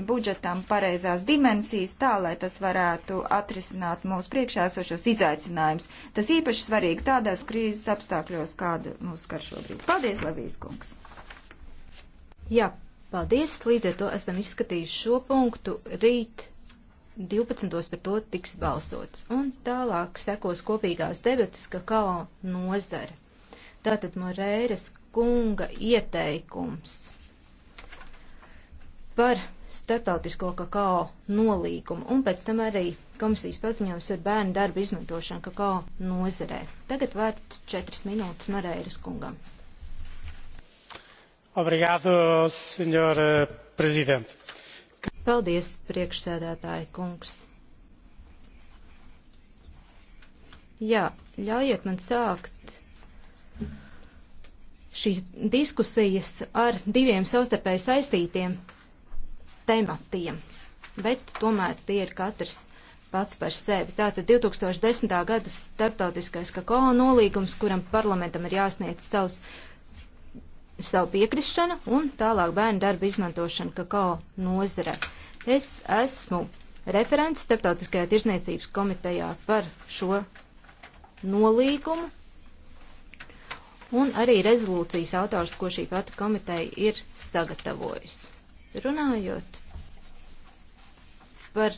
budžetam pareizās dimensijas, tā lai tas varētu atrisināt mūsu priekšā esošos izaicinājumus. Tas īpaši svarīgi tādās krīzes apstākļos, kāda mūsu skar šobrīd. Paldies, Lavijas kungs! Jā, paldies! Līdz ar to esam izskatījuši šo punktu. Rīt 12. par to tiks balsots. Un tālāk sekos kopīgās debatas kakao nozare. Tātad Morēras kunga ieteikums par starptautisko kakao nolīgumu, un pēc tam arī komisijas paziņojums par bērnu darbu izmantošanu kakao nozerē. Tagad vērts četras minūtes Marēras kungam. Obrigado, senjor eh, prezident. Paldies, priekšsēdētāji kungs. Jā, ļaujiet man sākt šīs diskusijas ar diviem savstarpēji saistītiem tematiem, bet tomēr tie ir katrs pats par sevi. Tātad 2010. gada starptautiskais kakao nolīgums, kuram parlamentam ir jāsniedz savs, savu piekrišanu un tālāk bērnu darbu izmantošanu kakao nozare. Es esmu referents starptautiskajā tirzniecības komitejā par šo nolīgumu un arī rezolūcijas autors, ko šī pati komiteja ir sagatavojusi. Runājot par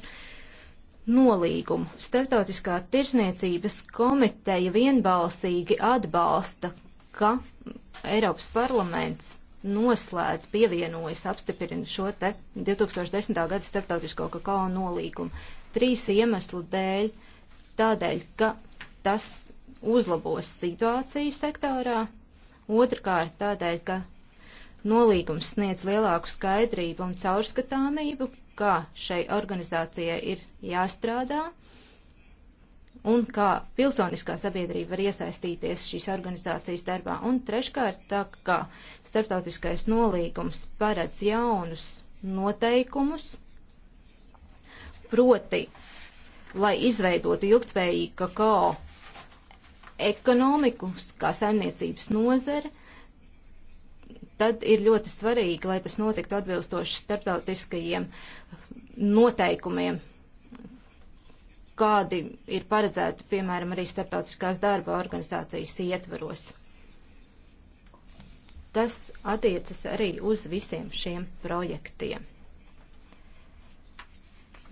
nolīgumu, Startautiskā tirsniecības komiteja vienbalsīgi atbalsta, ka Eiropas parlaments noslēdz, pievienojas, apstiprina šo te 2010. gada starptautisko kakao nolīgumu. Trīs iemeslu dēļ. Tādēļ, ka tas uzlabos situāciju sektorā, otrkārt tādēļ, ka nolīgums sniedz lielāku skaidrību un caurskatāmību, kā šai organizācijai ir jāstrādā un kā pilsoniskā sabiedrība var iesaistīties šīs organizācijas darbā. Un treškārt, tā kā starptautiskais nolīgums paredz jaunus noteikumus, proti, lai izveidotu ilgtspējīgu kakao ekonomiku, kā saimniecības nozare, tad ir ļoti svarīgi, lai tas notiktu atbilstoši starptautiskajiem noteikumiem, kādi ir paredzēti, piemēram, arī starptautiskās darba organizācijas ietvaros. Tas attiecas arī uz visiem šiem projektiem.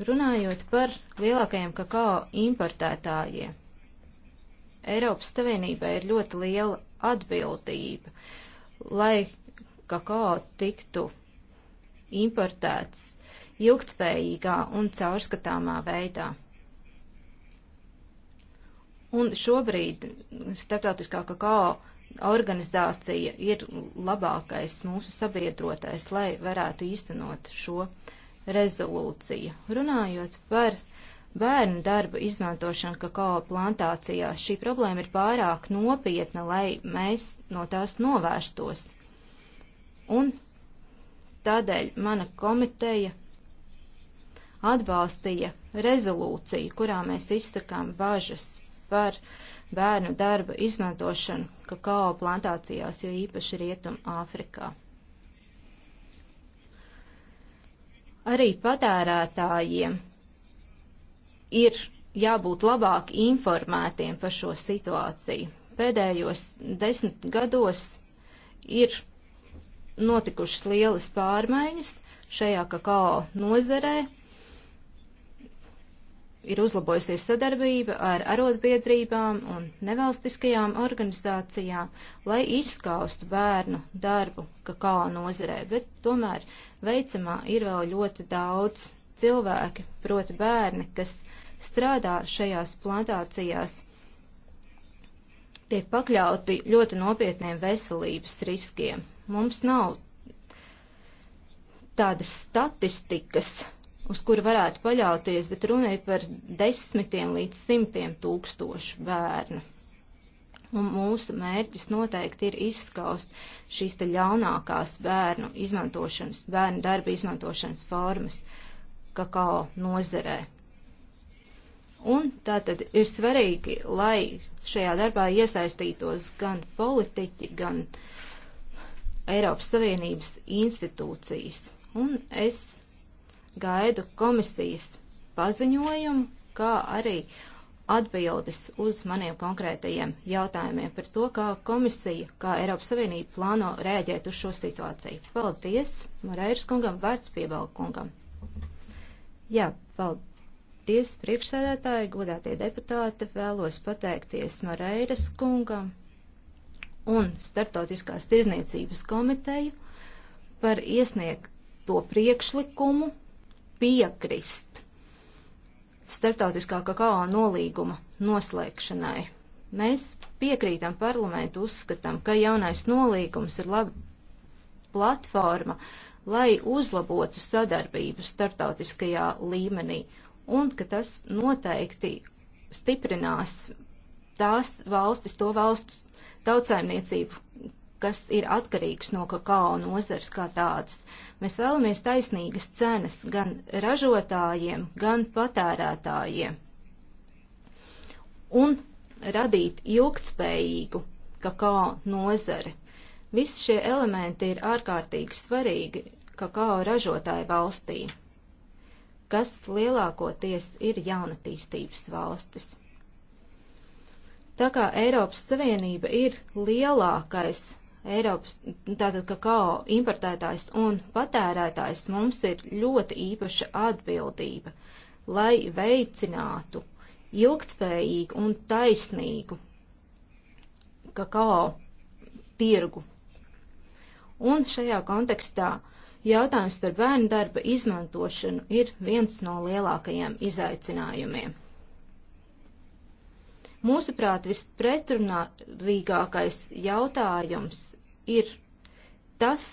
Runājot par lielākajiem kakao importētājiem, Eiropas Savienībai ir ļoti liela atbildība, lai kakao tiktu importēts ilgtspējīgā un caurskatāmā veidā. Un šobrīd starptautiskā kakao organizācija ir labākais mūsu sabiedrotais, lai varētu īstenot šo rezolūciju. Runājot par bērnu darbu izmantošanu kakao plantācijās. Šī problēma ir pārāk nopietna, lai mēs no tās novērstos. Un tādēļ mana komiteja atbalstīja rezolūciju, kurā mēs izsakām bažas par bērnu darba izmantošanu kakao plantācijās, jo īpaši Rietum Āfrikā. Arī patērētājiem ir jābūt labāk informētiem par šo situāciju. Pēdējos desmit gados ir notikušas lielas pārmaiņas šajā kakao nozerē. Ir uzlabojusies sadarbība ar arotbiedrībām un nevalstiskajām organizācijām, lai izskaustu bērnu darbu kakao nozerē, bet tomēr veicamā ir vēl ļoti daudz cilvēki, proti bērni, kas strādā šajās plantācijās, tiek pakļauti ļoti nopietniem veselības riskiem. Mums nav tādas statistikas, uz kuru varētu paļauties, bet runa ir par desmitiem līdz simtiem tūkstošu bērnu. Un mūsu mērķis noteikti ir izskaust šīs te ļaunākās bērnu izmantošanas, bērnu darba izmantošanas formas kakao nozerē. Un tā tad ir svarīgi, lai šajā darbā iesaistītos gan politiķi, gan uh, Eiropas Savienības institūcijas. Un es gaidu komisijas paziņojumu, kā arī atbildes uz maniem konkrētajiem jautājumiem par to, kā komisija, kā Eiropas Savienība plāno rēģēt uz šo situāciju. Paldies Moreiras kungam, vārds piebalga kungam. Jā, paldies priekšsēdētāji, godātie deputāti, vēlos pateikties Moreiras kungam un Startautiskās tirzniecības komiteju par iesniegto priekšlikumu piekrist starptautiskā kakao nolīguma noslēgšanai. Mēs piekrītam parlamentu, uzskatām, ka jaunais nolīgums ir laba platforma, lai uzlabotu sadarbību starptautiskajā līmenī un ka tas noteikti stiprinās tās valstis, to valstu tautsājumniecību, kas ir atkarīgs no kakao nozars kā tādas. Mēs vēlamies taisnīgas cenas gan ražotājiem, gan patērētājiem. Un radīt ilgtspējīgu kakao nozari. Visi šie elementi ir ārkārtīgi svarīgi kakao ražotāju valstī, kas lielākoties ir jaunatīstības valstis. Tā kā Eiropas Savienība ir lielākais Eiropas, tātad kakao importētājs un patērētājs, mums ir ļoti īpaša atbildība, lai veicinātu ilgtspējīgu un taisnīgu kakao tirgu. Un šajā kontekstā jautājums par bērnu darba izmantošanu ir viens no lielākajiem izaicinājumiem. Mūsuprāt, vispretrunīgākais jautājums ir tas,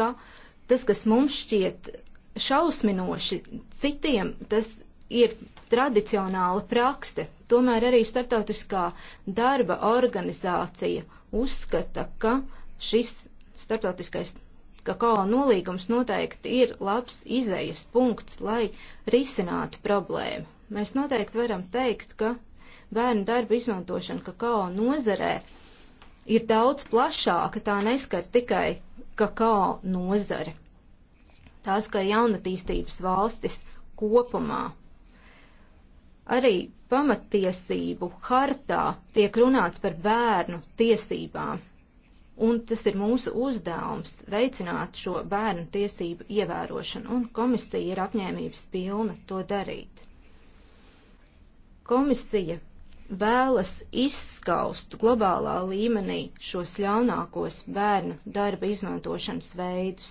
ka tas, kas mums šķiet šausminoši citiem, tas ir tradicionāla prakse. Tomēr arī Startautiskā darba organizācija uzskata, ka šis startautiskais kakao nolīgums noteikti ir labs izējas punkts, lai risinātu problēmu. Mēs noteikti varam teikt, ka bērnu darba izmantošana kakao nozarē ir daudz plašāka, tā neskar tikai kakao nozare. Tā skar jaunatīstības valstis kopumā. Arī pamatiesību hartā tiek runāts par bērnu tiesībām, un tas ir mūsu uzdevums veicināt šo bērnu tiesību ievērošanu, un komisija ir apņēmības pilna to darīt. Komisija vēlas izskaust globālā līmenī šos ļaunākos bērnu darba izmantošanas veidus.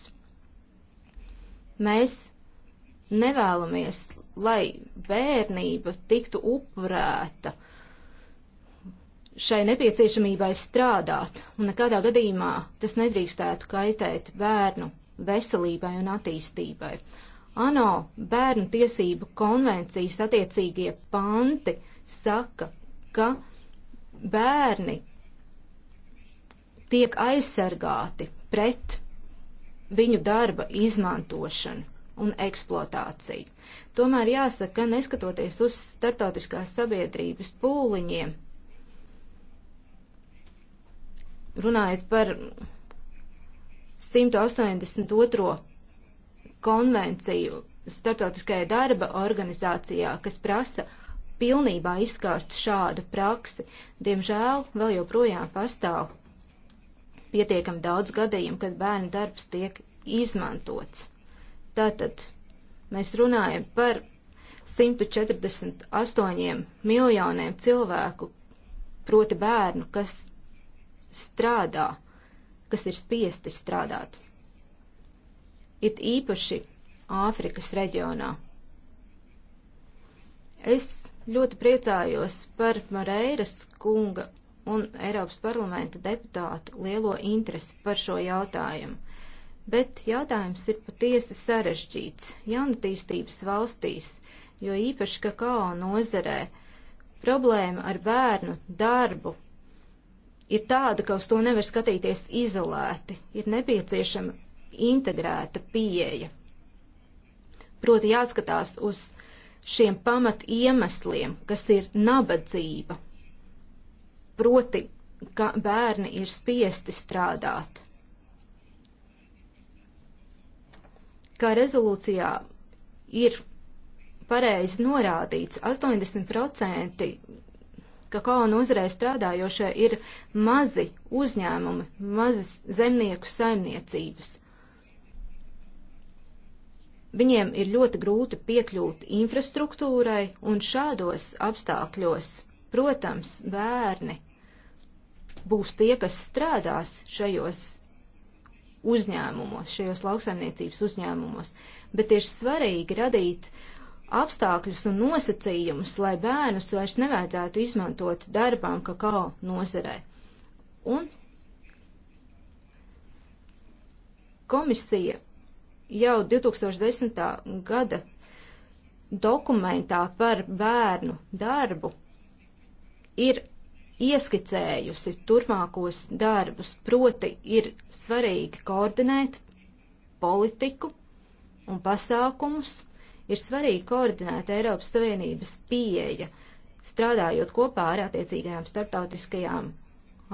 Mēs nevēlamies, lai bērnība tiktu upurēta šai nepieciešamībai strādāt, un nekādā gadījumā tas nedrīkstētu kaitēt bērnu veselībai un attīstībai. ANO bērnu tiesību konvencijas attiecīgie panti saka, ka bērni tiek aizsargāti pret viņu darba izmantošanu un eksploatāciju. Tomēr jāsaka, ka neskatoties uz startautiskās sabiedrības pūliņiem, runājot par 182. konvenciju starptautiskajā darba organizācijā, kas prasa pilnībā izskaust šādu praksi. Diemžēl vēl joprojām pastāv pietiekami daudz gadījumu, kad bērnu darbs tiek izmantots. Tātad mēs runājam par 148 miljoniem cilvēku, proti bērnu, kas strādā, kas ir spiesti strādāt. It īpaši Āfrikas reģionā. Es Ļoti priecājos par Mareiras kunga un Eiropas parlamenta deputātu lielo interesi par šo jautājumu. Bet jautājums ir patiesi sarežģīts jaunatīstības valstīs, jo īpaši kakao nozerē problēma ar bērnu darbu ir tāda, ka uz to nevar skatīties izolēti, ir nepieciešama integrēta pieeja. Proti jāskatās uz šiem pamat iemesliem, kas ir nabadzība, proti, ka bērni ir spiesti strādāt. Kā rezolūcijā ir pareizi norādīts, 80% kakao nozarē strādājošie ir mazi uzņēmumi, mazas zemnieku saimniecības. Viņiem ir ļoti grūti piekļūt infrastruktūrai, un šādos apstākļos, protams, bērni būs tie, kas strādās šajos uzņēmumos, šajos lauksaimniecības uzņēmumos, bet ir svarīgi radīt apstākļus un nosacījumus, lai bērnus vairs nevajadzētu izmantot darbām kakao nozarē. Un komisija jau 2010. gada dokumentā par bērnu darbu ir ieskicējusi turpmākos darbus, proti ir svarīgi koordinēt politiku un pasākumus, ir svarīgi koordinēt Eiropas Savienības pieeja, strādājot kopā ar attiecīgajām starptautiskajām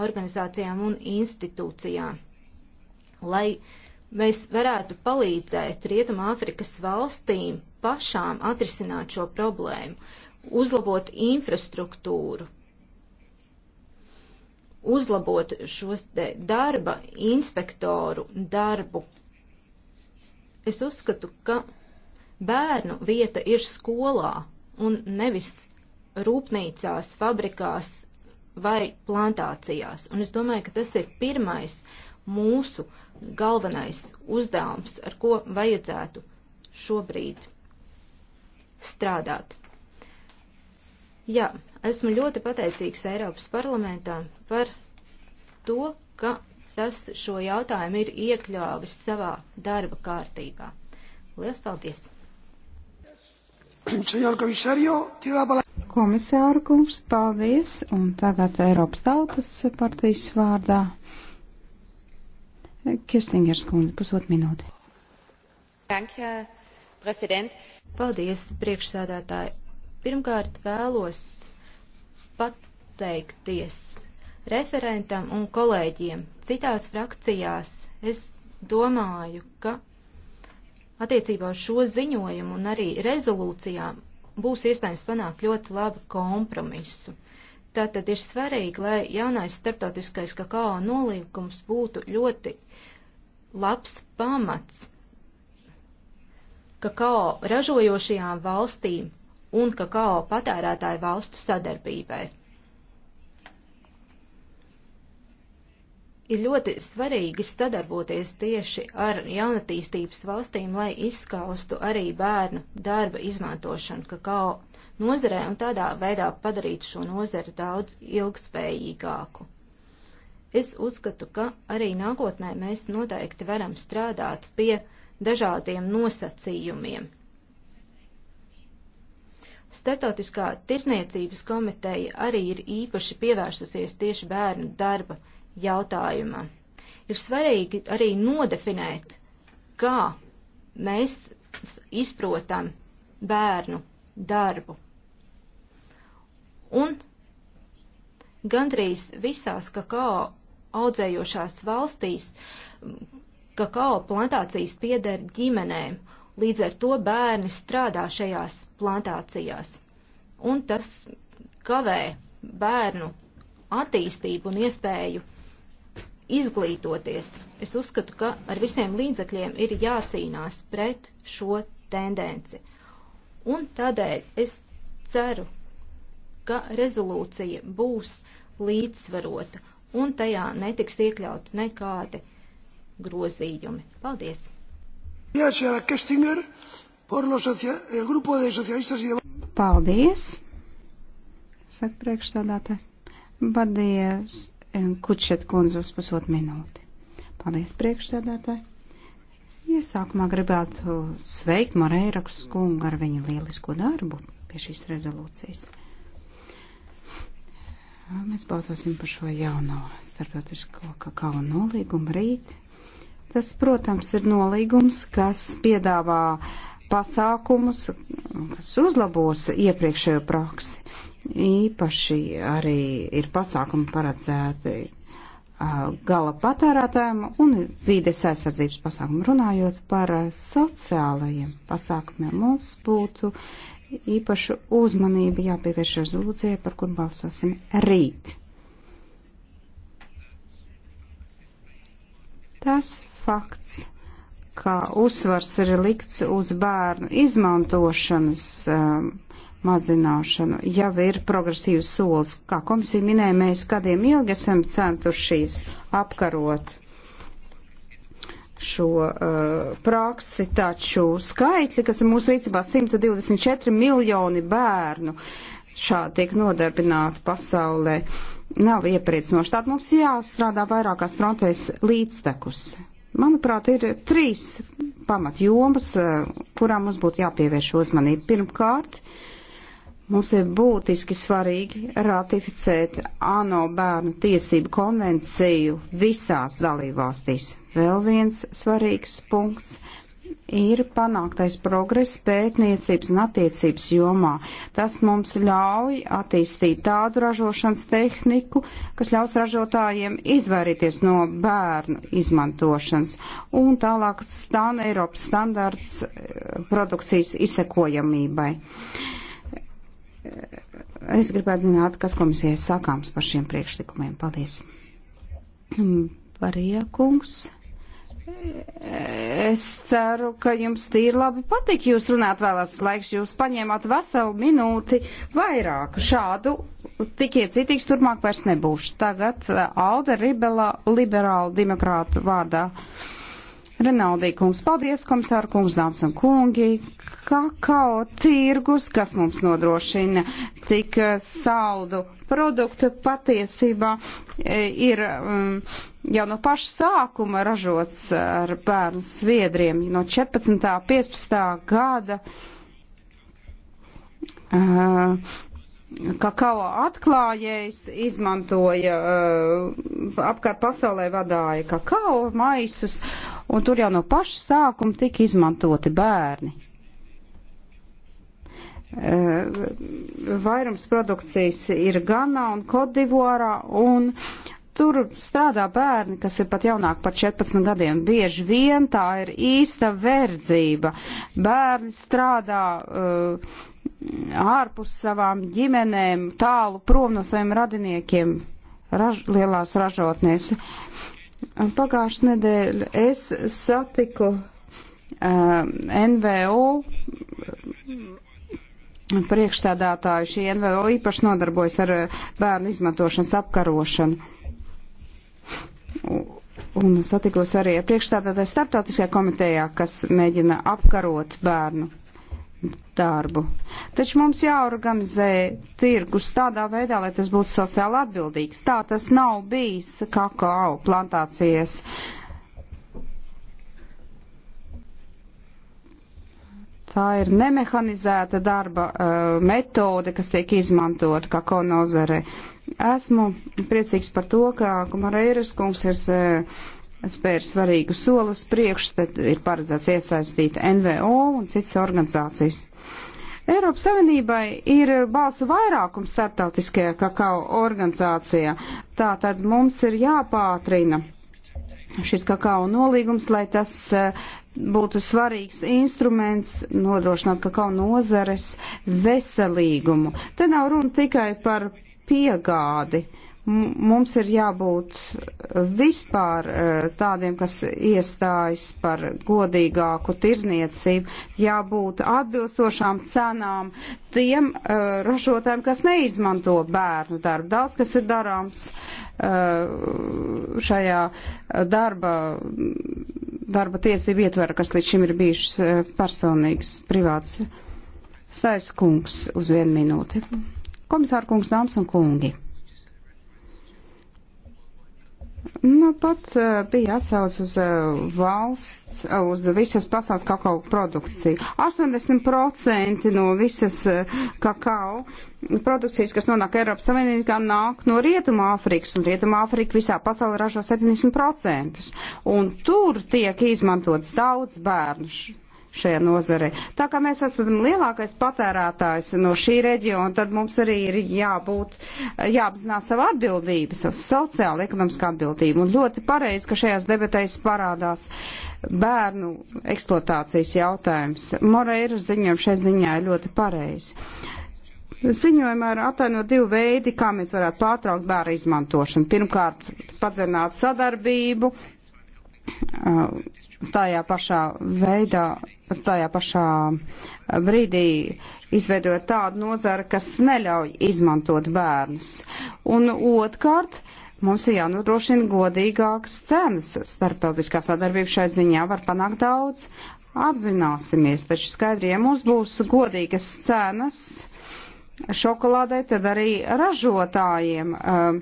organizācijām un institūcijām, lai uh, mēs varētu palīdzēt Rietumāfrikas valstīm pašām atrisināt šo problēmu, uzlabot infrastruktūru, uzlabot šos darba inspektoru darbu. Es uzskatu, ka bērnu vieta ir skolā un nevis rūpnīcās, fabrikās vai plantācijās. Un es domāju, ka tas ir pirmais mūsu galvenais uzdevums, ar ko vajadzētu šobrīd strādāt. Jā, esmu ļoti pateicīgs Eiropas parlamentā par to, ka tas šo jautājumu ir iekļāvis savā darba kārtībā. Lielas paldies! Komisāra kungs, paldies! Un tagad Eiropas tautas partijas vārdā Kirstingers kundze, pusot minūti. Paldies, priekšsēdētāji. Pirmkārt vēlos pateikties referentam un kolēģiem citās frakcijās. Es domāju, ka attiecībā uz šo ziņojumu un arī rezolūcijām būs iespējams panākt ļoti labu kompromisu. Uh, Tātad ir svarīgi, lai jaunais starptautiskais kakao nolīgums būtu ļoti labs pamats kakao ražojošajām valstīm un kakao patērētāju valstu sadarbībai. Ir ļoti svarīgi sadarboties tieši ar jaunatīstības valstīm, lai izskaustu arī bērnu darba izmantošanu kakao nozarē un tādā veidā padarīt šo nozari daudz ilgspējīgāku. Es uzskatu, ka arī nākotnē mēs noteikti varam strādāt pie dažādiem nosacījumiem. Startautiskā tirsniecības komiteja arī ir īpaši pievērsusies tieši bērnu darba jautājumam. Ir svarīgi arī nodefinēt, kā mēs izprotam bērnu darbu. Un gandrīz visās kakao audzējošās valstīs kakao plantācijas pieder ģimenēm, līdz ar to bērni strādā šajās plantācijās. Un tas kavē bērnu attīstību un iespēju izglītoties. Es uzskatu, ka ar visiem līdzekļiem ir jācīnās pret šo tendenci. Un tādēļ es ceru, ka rezolūcija būs līdzsvarota un tajā netiks iekļauti nekādi grozījumi. Paldies! Eh, Paldies! Saka priekšsādātājs. Badies eh, Kučet kundze uz pusotru minūti. Paldies priekšsādātāji! Iesākumā gribētu sveikt Moreirakus kungu ar viņa lielisko darbu pie šīs rezolūcijas. Mēs balsosim par šo jauno starptautisko kakao nolīgumu rīt. Tas, protams, ir nolīgums, kas piedāvā pasākumus, kas uzlabos iepriekšējo praksi. Īpaši arī ir pasākumi paredzēti gala patērētājiem un vīdes aizsardzības pasākumu. Runājot par sociālajiem pasākumiem, mums būtu īpašu uzmanību jāpievērš rezolūcijai, par kur balsosim rīt. Tas fakts, ka uzsvars ir likts uz bērnu izmantošanas um, mazināšanu, jau ir progresīvs solis. Kā komisija minēja, mēs gadiem ilgi esam centušies apkarot šo uh, praksi, taču skaitļi, kas ir mūsu rīcībā 124 miljoni bērnu šādi tiek nodarbināti pasaulē, nav iepriecinoši. Tātad mums jāstrādā vairākās frontēs līdztekus. Manuprāt, ir trīs pamatjomas, uh, kurām mums būtu jāpievērš uzmanība. Pirmkārt, uh, Mums ir būtiski svarīgi ratificēt ANO bērnu tiesību konvenciju visās dalībvalstīs. Vēl viens svarīgs punkts ir panāktais progress pētniecības un attiecības jomā. Tas mums ļauj attīstīt tādu ražošanas tehniku, kas ļaus ražotājiem izvairīties no bērnu izmantošanas. Un tālāk stan Eiropas standarts eh, produkcijas izsekojamībai. Uh, Es gribētu zināt, kas komisijai sakāms par šiem priekšlikumiem. Paldies. Variekungs. Es ceru, ka jums tīri labi patīk jūs runāt vēlēts laiks. Jūs paņēmāt veselu minūti vairāk. Šādu tikiet citīgs turpmāk vairs nebūšu. Tagad eh, Alde Ribela liberāla demokrāta vārdā. Uh, Renaldī kungs, paldies, komisāra kungs, dāmas un kungi. Kakao tirgus, kas mums nodrošina tik eh, saldu produktu, patiesībā eh, ir um, jau no paša sākuma ražots eh, ar bērnu sviedriem no 14. 15. gada. Uh, kakao atklājējs izmantoja, uh, apkārt pasaulē vadāja kakao maisus, un tur jau no paša sākuma tika izmantoti bērni. Uh, vairums produkcijas ir Ganā un Kodivorā, un tur strādā bērni, kas ir pat jaunāki par 14 gadiem. Bieži vien tā ir īsta verdzība. Bērni strādā. Uh, ārpus savām ģimenēm, tālu prom no saviem radiniekiem raž, lielās ražotnēs. Pagājušas nedēļa es satiku uh, um, NVO priekšstādātāju. Šī NVO īpaši nodarbojas ar uh, bērnu izmantošanas apkarošanu. Un satikos arī priekšstādātāju starptautiskajā komitejā, kas mēģina apkarot bērnu darbu. Taču mums jāorganizē tirgus tādā veidā, lai tas būtu sociāli atbildīgs. Tā tas nav bijis kakao plantācijas. Tā ir nemehanizēta darba uh, metode, kas tiek izmantota kakao nozare. Esmu priecīgs par to, ka Kumareiras kungs ir uh, spēr svarīgu solis priekš, tad ir paredzēts iesaistīt NVO un citas organizācijas. Eiropas Savienībai ir balsu vairākums starptautiskajā kakao organizācijā, tā tad mums ir jāpātrina šis kakao nolīgums, lai tas eh, būtu svarīgs instruments nodrošināt kakao nozares veselīgumu. Te nav runa tikai par piegādi. Uh, mums ir jābūt eh, vispār eh, tādiem, kas iestājas par godīgāku tirzniecību, jābūt atbilstošām cenām tiem uh, ražotājiem, kas neizmanto bērnu darbu. Daudz, kas ir darāms uh, šajā darba, darba tiesību ietvera, kas līdz šim ir bijušas personīgas, privāts. Stais kungs uz vienu minūti. Komisāra kungs, dāmas un kungi. Nu, pat uh, bija atsauc uz uh, valsts, uz visas pasaules kakao produkciju. 80% no visas uh, kakao produkcijas, kas nonāk Eiropas Savienībā, nāk no Rietuma Āfrikas, un Rietuma Āfrika visā pasaulē ražo 70%. Un tur tiek izmantots daudz bērnu šajā nozarē. Tā kā mēs esam lielākais patērētājs no šī reģiona, tad mums arī ir jābūt, jāapzinās savu atbildību, savu sociālu, ekonomisku atbildību. Un ļoti pareizi, ka šajās debatēs parādās bērnu eksploatācijas jautājums. Moreira ziņojums šai ziņā ir ļoti pareizi. Ziņojumā ir atainot divi veidi, kā mēs varētu pārtraukt bērnu izmantošanu. Pirmkārt, padzināt sadarbību, tajā pašā veidā, tajā pašā brīdī izveidot tādu nozaru, kas neļauj izmantot bērnus. Un otrkārt, mums ir jānodrošina godīgākas cenas. Starptautiskā sadarbība šai ziņā var panākt daudz. Apzināsimies, taču skaidri, ja mums būs godīgas cenas, šokolādē, tad arī ražotājiem. Um,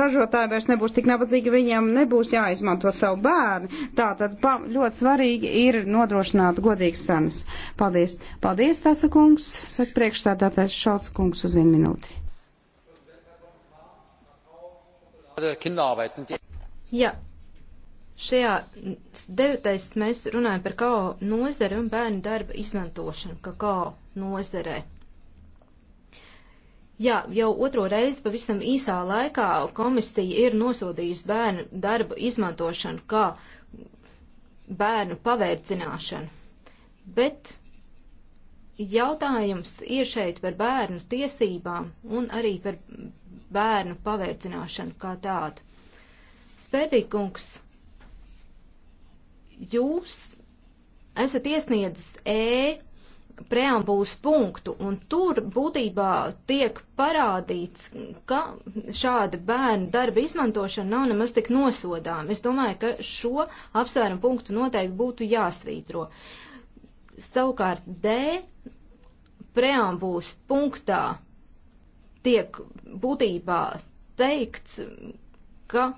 ražotāji vairs nebūs tik nabadzīgi, viņiem nebūs jāizmanto savu bērnu. Tātad pa, ļoti svarīgi ir nodrošināt godīgas cenas. Paldies. Paldies, Tasa kungs. Saka priekšstādātais Šalts kungs uz vienu minūti. Jā. Šajā devitais mēs runājam par kakao nozari un bērnu darba izmantošanu kakao nozarē. Jā, jau otro reizi pavisam īsā laikā komisija ir nosodījusi bērnu darbu izmantošanu kā bērnu pavērdzināšanu. Bet jautājums ir šeit par bērnu tiesībām un arī par bērnu pavērdzināšanu kā tādu. Spētīkungs, jūs esat iesniedzis E preambulas punktu, un tur būtībā tiek parādīts, ka šāda bērnu darba izmantošana nav nemaz tik nosodām. Es domāju, ka šo apsvērumu punktu noteikti būtu jāsvītro. Savukārt D preambulas punktā tiek būtībā teikts, ka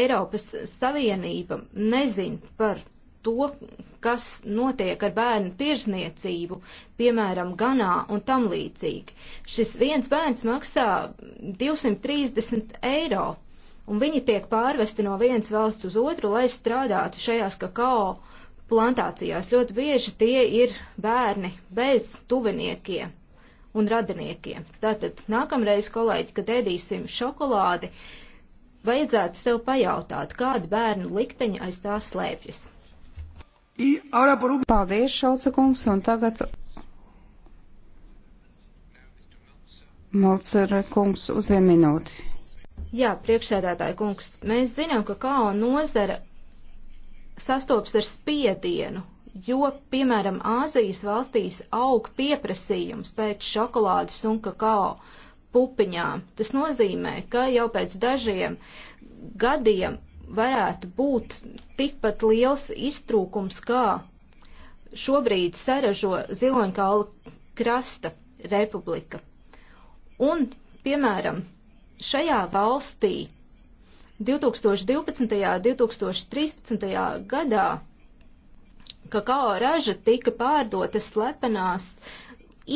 Eiropas Savienība nezin par to, kas notiek ar bērnu tirzniecību, piemēram, Ganā un tam līdzīgi. Šis viens bērns maksā 230 eiro, un viņi tiek pārvesti no vienas valsts uz otru, lai strādātu šajās kakao plantācijās. Ļoti bieži tie ir bērni bez tuviniekiem un radiniekiem. Tātad nākamreiz, kolēģi, kad ēdīsim šokolādi, vajadzētu sev pajautāt, kāda bērnu likteņa aiz tā slēpjas. Paldies, Šalca kungs, un tagad Molcer kungs uz vienu minūti. Jā, priekšsēdētāji kungs, mēs zinām, ka kā nozara sastops ar spiedienu, jo, piemēram, Āzijas valstīs aug pieprasījums pēc šokolādes un kakao pupiņām. Tas nozīmē, ka jau pēc dažiem gadiem varētu būt tikpat liels iztrūkums, kā šobrīd saražo Ziloņkaula krasta republika. Un, piemēram, šajā valstī 2012. un 2013. gadā kakao raža tika pārdota slepenās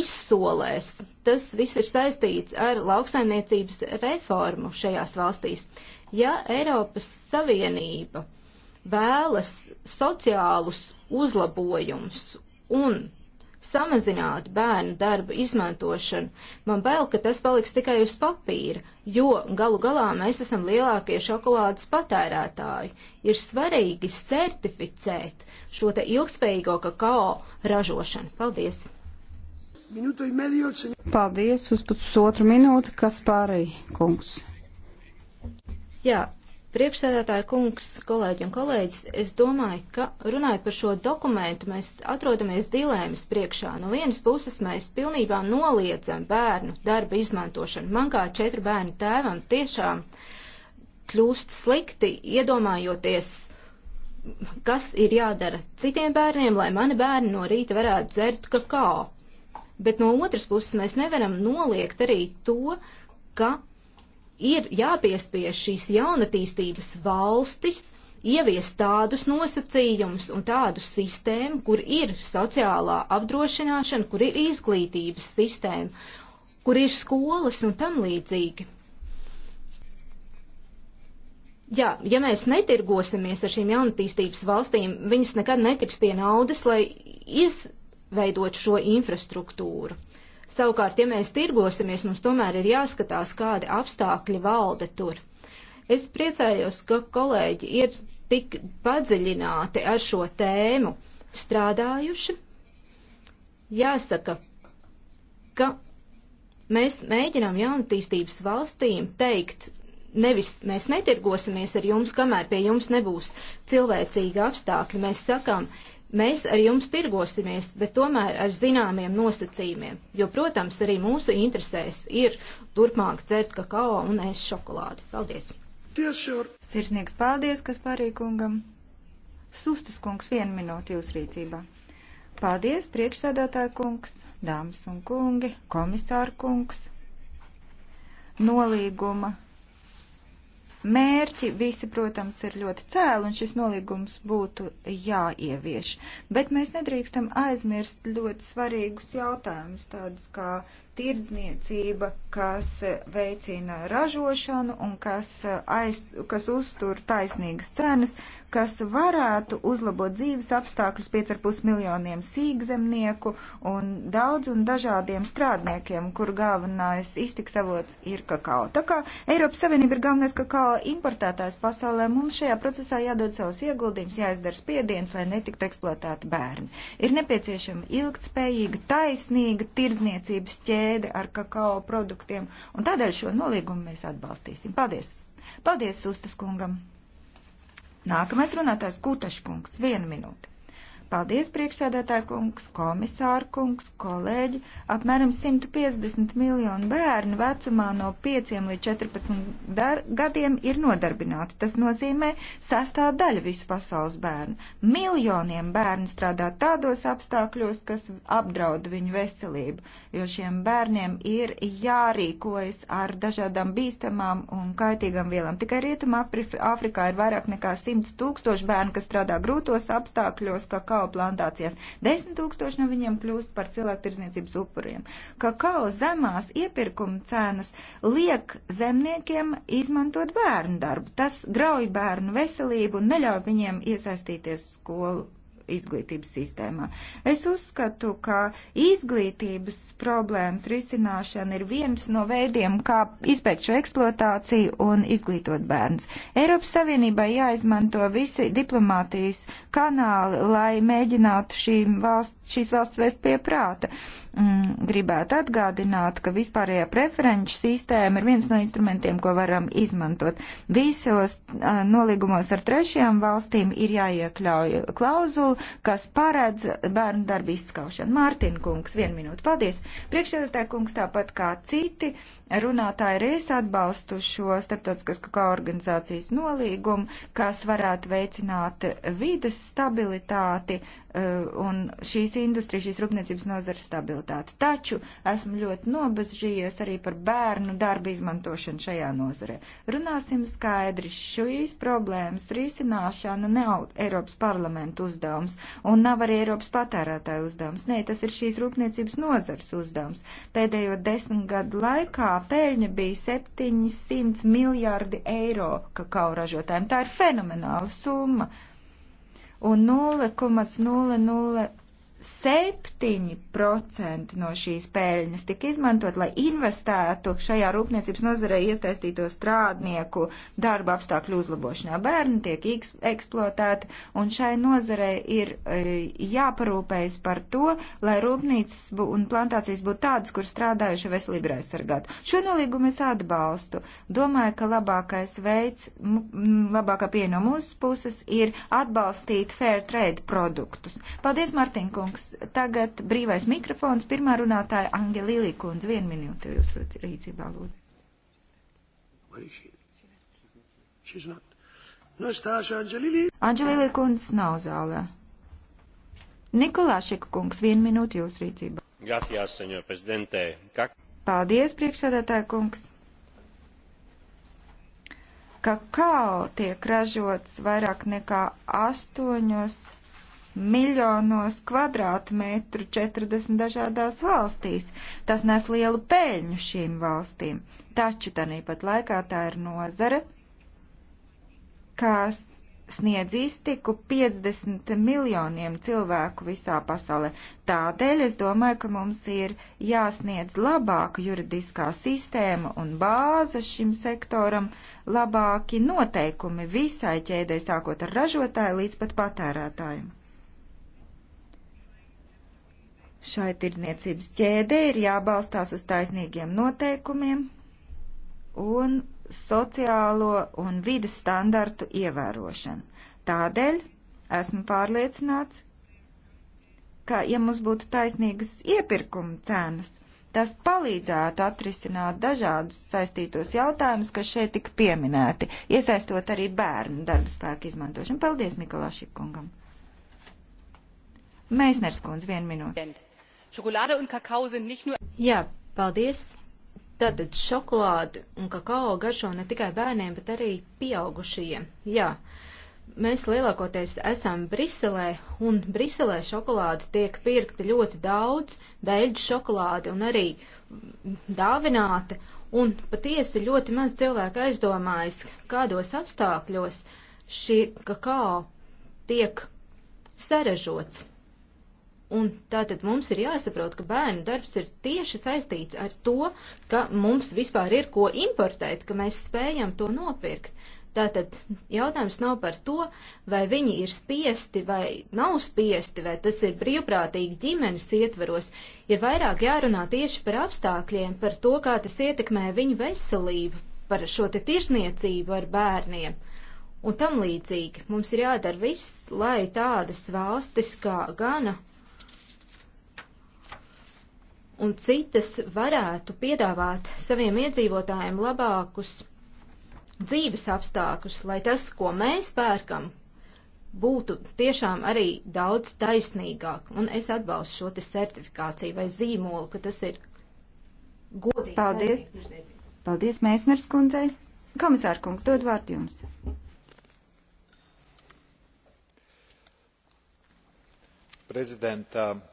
izsolēs. Tas viss ir saistīts ar lauksaimniecības reformu šajās valstīs. Uh, Ja Eiropas Savienība vēlas sociālus uzlabojumus un samazināt bērnu darba izmantošanu, man bail, ka tas paliks tikai uz papīra, jo galu galā mēs esam lielākie šokolādes patērētāji. Ir svarīgi certificēt šo te ilgspējīgo kakao ražošanu. Paldies! Paldies uz pusotru minūti, kas pārēj, kungs. Jā, priekšsēdētāja kungs, kolēģi un kolēģis, es domāju, ka runājot par šo dokumentu, mēs atrodamies dilēmas priekšā. No vienas puses mēs pilnībā noliedzam bērnu darba izmantošanu. Man kā četru bērnu tēvam tiešām kļūst slikti iedomājoties, kas ir jādara citiem bērniem, lai mani bērni no rīta varētu dzert kakao. Bet no otras puses mēs nevaram noliegt arī to, ka ir jāpiespiež šīs jaunatīstības valstis ieviest tādus nosacījumus un tādu sistēmu, kur ir sociālā apdrošināšana, kur ir izglītības sistēma, kur ir skolas un tam līdzīgi. Jā, ja mēs netirgosimies ar šīm jaunatīstības valstīm, viņas nekad netiks pie naudas, lai izveidot šo infrastruktūru. Savukārt, ja mēs tirgosimies, mums tomēr ir jāskatās, kādi apstākļi valda tur. Es priecājos, ka kolēģi ir tik padziļināti ar šo tēmu strādājuši. Jāsaka, ka mēs mēģinām jaunatīstības valstīm teikt, nevis mēs netirgosimies ar jums, kamēr pie jums nebūs cilvēcīga apstākļi. Mēs sakām, uh, Mēs ar jums tirgosimies, bet tomēr ar zināmiem nosacījumiem, jo, protams, arī mūsu interesēs ir turpmāk dzert kakao un ēst šokolādi. Paldies! Sirsnieks paldies, kas parīkungam! Sustas kungs, vienu minūti jūs rīcībā. Paldies, priekšsēdētāja kungs, dāmas un kungi, komisāra kungs. Nolīguma Mērķi visi, protams, ir ļoti cēli, un šis nolīgums būtu jāievieš. Bet mēs nedrīkstam aizmirst ļoti svarīgus jautājumus, tādus kā tirdzniecība, kas veicina ražošanu un kas, aiz, kas uztur taisnīgas cenas, kas varētu uzlabot dzīves apstākļus 5,5 miljoniem sīkzemnieku un daudz un dažādiem strādniekiem, kur galvenais iztiksavots ir kakao. Tā kā Eiropas Savienība ir galvenais kakao importētājs pasaulē, mums šajā procesā jādod savus ieguldījumus, jāizdara spiediens, lai netiktu eksploatēti bērni. Ir nepieciešama ilgtspējīga, taisnīga tirdzniecības ķēde ar kakao produktiem, un tādēļ šo nolīgumu mēs atbalstīsim. Paldies! Paldies Sustas kungam! Nākamais runātājs Kutaškungs, viena minūte. Paldies, priekšsēdētāja kungs, komisāra kungs, kolēģi. Apmēram 150 miljonu bērnu vecumā no 5 līdz 14 gadiem ir nodarbināti. Tas nozīmē sastā daļa visu pasaules bērnu. Miljoniem bērnu strādā tādos apstākļos, kas apdraud viņu veselību, jo šiem bērniem ir jārīkojas ar dažādām bīstamām un kaitīgām vielām. Tikai Rietumā Afrikā ir vairāk nekā 100 tūkstoši bērnu, kas strādā grūtos apstākļos, kakao kakao plantācijās. Desmit tūkstoši no viņiem kļūst par cilvēktirdzniecības upuriem. Kakao zemās iepirkuma cenas liek zemniekiem izmantot bērnu darbu. Tas grauj bērnu veselību un neļauj viņiem iesaistīties skolu izglītības sistēmā. Es uzskatu, ka izglītības problēmas risināšana ir viens no veidiem, kā izpēt šo eksploatāciju un izglītot bērns. Eiropas Savienībai jāizmanto visi diplomātijas kanāli, lai mēģinātu valsts, šīs valsts vest pie prāta. Uh, mm, gribētu atgādināt, ka vispārējā preferenču sistēma ir viens no instrumentiem, ko varam izmantot. Visos uh, nolīgumos ar trešajām valstīm ir jāiekļauj klauzula, kas paredz bērnu darbu izskaušanu. Mārtiņa kungs, vienu minūtu, paldies. Priekšsēdētāja kungs, tāpat kā citi runātāji, arī es atbalstu šo starptautiskās kā organizācijas nolīgumu, kas varētu veicināt vides stabilitāti uh, un šīs industrijas, šīs rūpniecības nozares stabilitāti rezultāti. Taču esmu ļoti nobežījies arī par bērnu darbu izmantošanu šajā nozarē. Runāsim skaidri, šīs problēmas risināšana nav Eiropas parlamenta uzdevums un nav arī Eiropas patērētāja uzdevums. Nē, tas ir šīs rūpniecības nozars uzdevums. Pēdējo desmit gadu laikā pēļņa bija 700 miljārdi eiro kakao ražotājiem. Tā ir fenomenāla summa. Un 0,00 7% no šīs pēļņas tika izmantot, lai investētu šajā rūpniecības nozarē iesaistīto strādnieku darba apstākļu uzlabošanā. Bērni tiek eksploatēti, un šai nozarē ir e, jāparūpējas par to, lai rūpnīcas un plantācijas būtu tādas, kur strādājuši veselību ir aizsargāta. Šo nolīgumu es atbalstu. Domāju, ka labākais veids, labākā pieeja no mūsu puses ir atbalstīt fair trade produktus. Paldies, Martin Kungs! kungs. Tagad brīvais mikrofons. Pirmā runātāja Ange Līlī kundze. Vienu minūti jūs rīcībā lūdzu. Anģelīlī kundze nav zālē. Nikolāšika kungs, vienu minūti jūs rīcībā. Gracias, senor prezidentē. Kak... Paldies, priekšsēdētāja kungs kakao tiek ražots vairāk nekā 8 miljonos kvadrātmetru 40 dažādās valstīs. Tas nes lielu peļņu šīm valstīm. Taču tāpat laikā tā ir nozare, kas sniedz iztiku 50 miljoniem cilvēku visā pasaulē. Tādēļ es domāju, ka mums ir jāsniedz labāka juridiskā sistēma un bāze šim sektoram, labāki noteikumi visai ķēdē, sākot ar ražotāju līdz pat patērētājiem. Šai tirdzniecības ķēdē ir jābalstās uz taisnīgiem noteikumiem un sociālo un vidas standartu ievērošanu. Tādēļ esmu pārliecināts, ka, ja mums būtu taisnīgas iepirkuma cenas, tas palīdzētu atrisināt dažādus saistītos jautājumus, kas šeit tika pieminēti, iesaistot arī bērnu darba spēku izmantošanu. Paldies Mikolašikungam! Meisners kundze, vienu minūti. Schokolade un Kakao sind nicht nur. Jā, paldies. Tātad šokolādi un kakao garšo ne tikai bērniem, bet arī pieaugušajiem. Jā, mēs lielākoties esam Briselē, un Briselē šokolādi tiek pirkta ļoti daudz, beļģu šokolādi un arī dāvināta, un patiesi ļoti maz cilvēku aizdomājas, kādos apstākļos šī kakao tiek sarežots. Un tātad mums ir jāsaprot, ka bērnu darbs ir tieši saistīts ar to, ka mums vispār ir ko importēt, ka mēs spējam to nopirkt. Tātad jautājums nav par to, vai viņi ir spiesti vai nav spiesti, vai tas ir brīvprātīgi ģimenes ietveros. Ir vairāk jārunā tieši par apstākļiem, par to, kā tas ietekmē viņu veselību, par šo te tirzniecību ar bērniem un tam līdzīgi. Mums ir jādara viss, lai tādas valstis kā Gana un citas varētu piedāvāt saviem iedzīvotājiem labākus dzīves apstākļus, lai tas, ko mēs pērkam, būtu tiešām arī daudz taisnīgāk. Un es atbalstu šo te certifikāciju vai zīmolu, ka tas ir godīgi. Paldies! Paldies, Mēsners kundzei! Komisāra kungs, dod vārdu jums! Prezidenta uh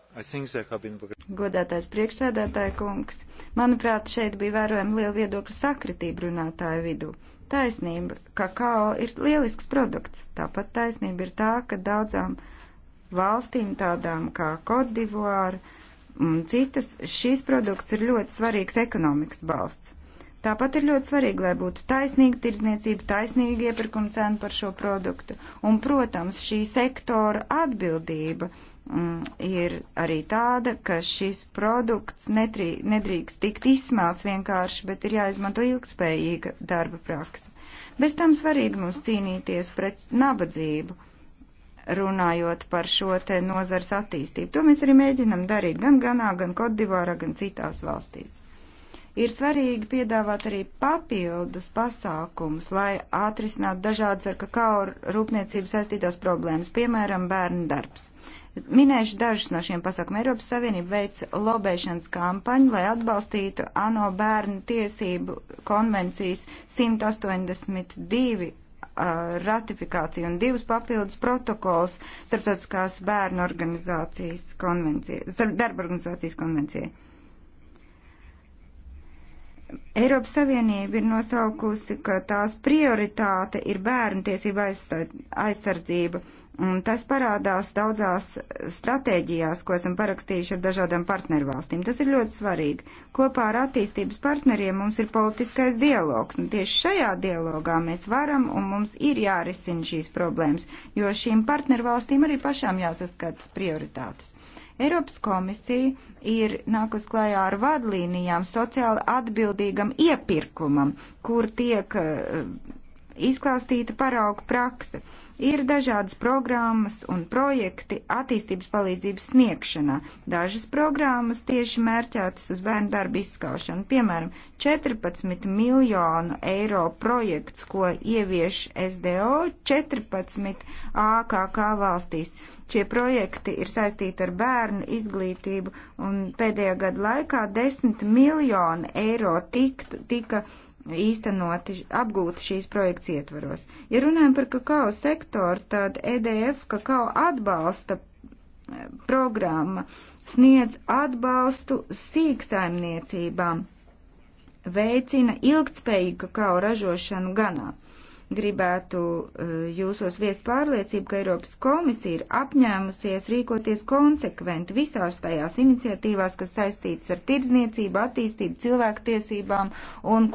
Been... Godātais priekšsēdētāja kungs, manuprāt, šeit bija vērojama liela viedokļa sakritība runātāju vidū. Taisnība, ka kakao ir lielisks produkts, tāpat taisnība ir tā, ka daudzām valstīm tādām kā Kodivāra un citas šīs produkts ir ļoti svarīgs ekonomikas balsts. Tāpat ir ļoti svarīgi, lai būtu taisnīga tirdzniecība, taisnīga iepirkuma cena par šo produktu. Un, protams, šī sektora atbildība Mm, ir arī tāda, ka šis produkts netrī, nedrīkst tikt izsmelts vienkārši, bet ir jāizmanto ilgspējīga darba praksa. Bez tam svarīgi mums cīnīties pret nabadzību, runājot par šo te nozars attīstību. To mēs arī mēģinam darīt gan Ganā, gan Kodivārā, gan citās valstīs. Ir svarīgi piedāvāt arī papildus pasākumus, lai atrisinātu dažādas ar kakao rūpniecību saistītās problēmas, piemēram, bērnu darbs. Minēšu dažus no šiem pasākumiem. Eiropas Savienība veic lobēšanas kampaņu, lai atbalstītu ANO bērnu tiesību konvencijas 182 uh, ratifikāciju un divus papildus protokols starptautiskās bērnu organizācijas konvencija, darba organizācijas konvencija. Eiropas Savienība ir nosaukusi, ka tās prioritāte ir bērnu tiesība aizsardzība. Un tas parādās daudzās stratēģijās, ko esam parakstījuši ar dažādām partnervalstīm. Tas ir ļoti svarīgi. Kopā ar attīstības partneriem mums ir politiskais dialogs, un tieši šajā dialogā mēs varam un mums ir jārisina šīs problēmas, jo šīm partnervalstīm arī pašām jāsaskata prioritātes. Eiropas komisija ir nākus klājā ar vadlīnijām sociāli atbildīgam iepirkumam, kur tiek uh, izklāstīta parauga prakse. Ir dažādas programmas un projekti attīstības palīdzības sniegšanā. Dažas programmas tieši mērķētas uz bērnu darbu izskaušanu. Piemēram, 14 miljonu eiro projekts, ko ievieš SDO 14 AKK valstīs. Šie projekti ir saistīti ar bērnu izglītību un pēdējā gada laikā 10 miljonu eiro tikt, tika īstenoti, apgūti šīs projekts ietvaros. Ja runājam par kakao sektoru, tad EDF kakao atbalsta eh, programma sniedz atbalstu sīksaimniecībām, veicina ilgtspējīgu kakao ražošanu ganā gribētu e, jūsos viest pārliecību, ka Eiropas komisija ir apņēmusies rīkoties konsekventi visās tajās iniciatīvās, kas saistītas ar tirdzniecību, attīstību, cilvēktiesībām un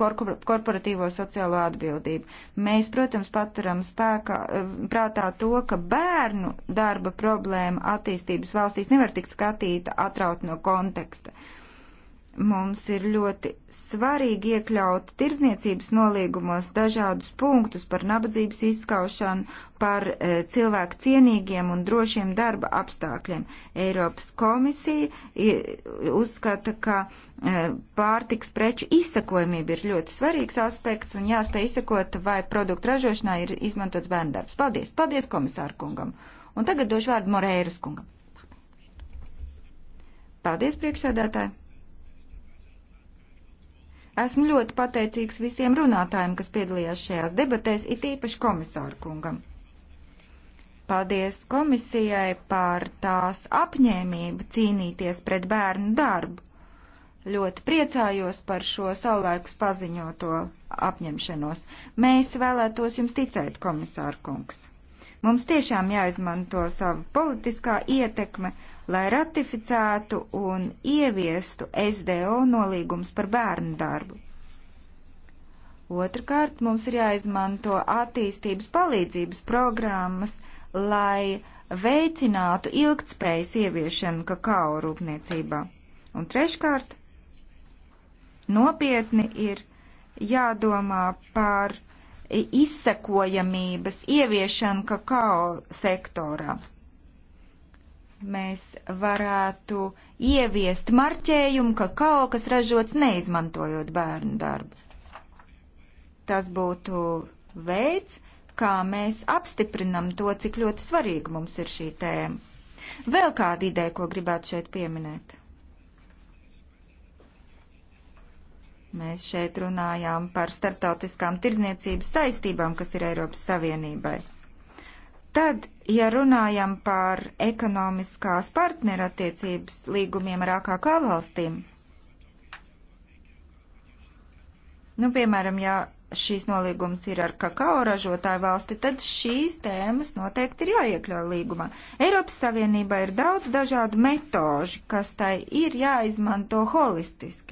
korporatīvo sociālo atbildību. Mēs, protams, paturam spēkā, e, prātā to, ka bērnu darba problēma attīstības valstīs nevar tikt skatīta atraut no konteksta. Uh, Mums ir ļoti svarīgi iekļaut tirzniecības nolīgumos dažādus punktus par nabadzības izskaušanu, par e, cilvēku cienīgiem un drošiem darba apstākļiem. Eiropas komisija ir, uzskata, ka e, pārtiks preču izsakojamība ir ļoti svarīgs aspekts un jāspēj izsakot, vai produktu ražošanā ir izmantots bērndarbs. Paldies! Paldies komisāru kungam! Un tagad došu vārdu Moreiras kungam. Paldies, priekšsēdētāji! Esmu ļoti pateicīgs visiem runātājiem, kas piedalījās šajās debatēs, it īpaši komisāru kungam. Paldies komisijai par tās apņēmību cīnīties pret bērnu darbu. Ļoti priecājos par šo saulēkus paziņoto apņemšanos. Mēs vēlētos jums ticēt, komisāra kungs. Mums tiešām jāizmanto sava politiskā ietekme, lai ratificētu un ieviestu SDO nolīgums par bērnu darbu. Otrakārt, mums ir jāizmanto attīstības palīdzības programmas, lai veicinātu ilgtspējas ieviešanu kakao rūpniecībā. Un treškārt, nopietni ir jādomā par izsekojamības ieviešanu kakao sektorā. Mēs varētu ieviest marķējumu kakao, kas ražots neizmantojot bērnu darbu. Tas būtu veids, kā mēs apstiprinam to, cik ļoti svarīga mums ir šī tēma. Vēl kāda ideja, ko gribētu šeit pieminēt? Mēs šeit runājām par starptautiskām tirdzniecības saistībām, kas ir Eiropas Savienībai. Tad, ja runājam par ekonomiskās partnerattiecības līgumiem ar AKK valstīm, nu, piemēram, ja šīs nolīgums ir ar kakao ražotāju valsti, tad šīs tēmas noteikti ir jāiekļauj līgumā. Eiropas Savienībā ir daudz dažādu metožu, kas tai ir jāizmanto holistiski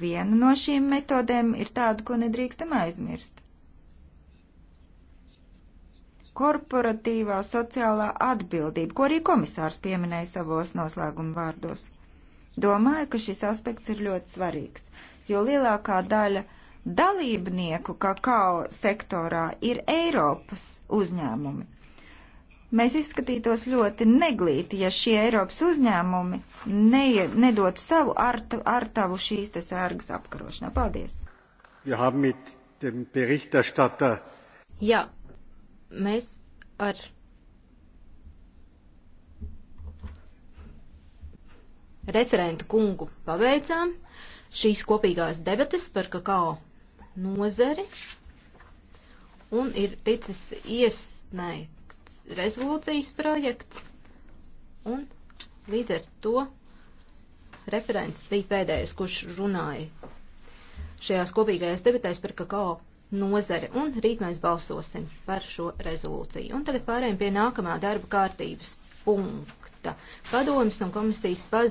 Viena no šīm metodēm ir tāda, ko nedrīkstam aizmirst. Korporatīvā sociālā atbildība, ko arī komisārs pieminēja savos noslēguma vārdos. Domāju, ka šis aspekts ir ļoti svarīgs, jo lielākā daļa dalībnieku kakao sektorā ir Eiropas uzņēmumi. Mēs izskatītos ļoti neglīti, ja šie Eiropas uzņēmumi ne, nedotu savu artavu art šīs te sērgas apkarošanā. Paldies! Jā, mēs ar referentu kungu paveicām šīs kopīgās debates par kakao nozari un ir ticis iesnēgt rezolūcijas projekts, un līdz ar to referents bija pēdējais, kurš runāja šajās kopīgajās debatēs par kakao nozari, un rīt mēs balsosim par šo rezolūciju. Un tagad pārējiem pie nākamā darba kārtības punkta. Padomas un komisijas paziņojums.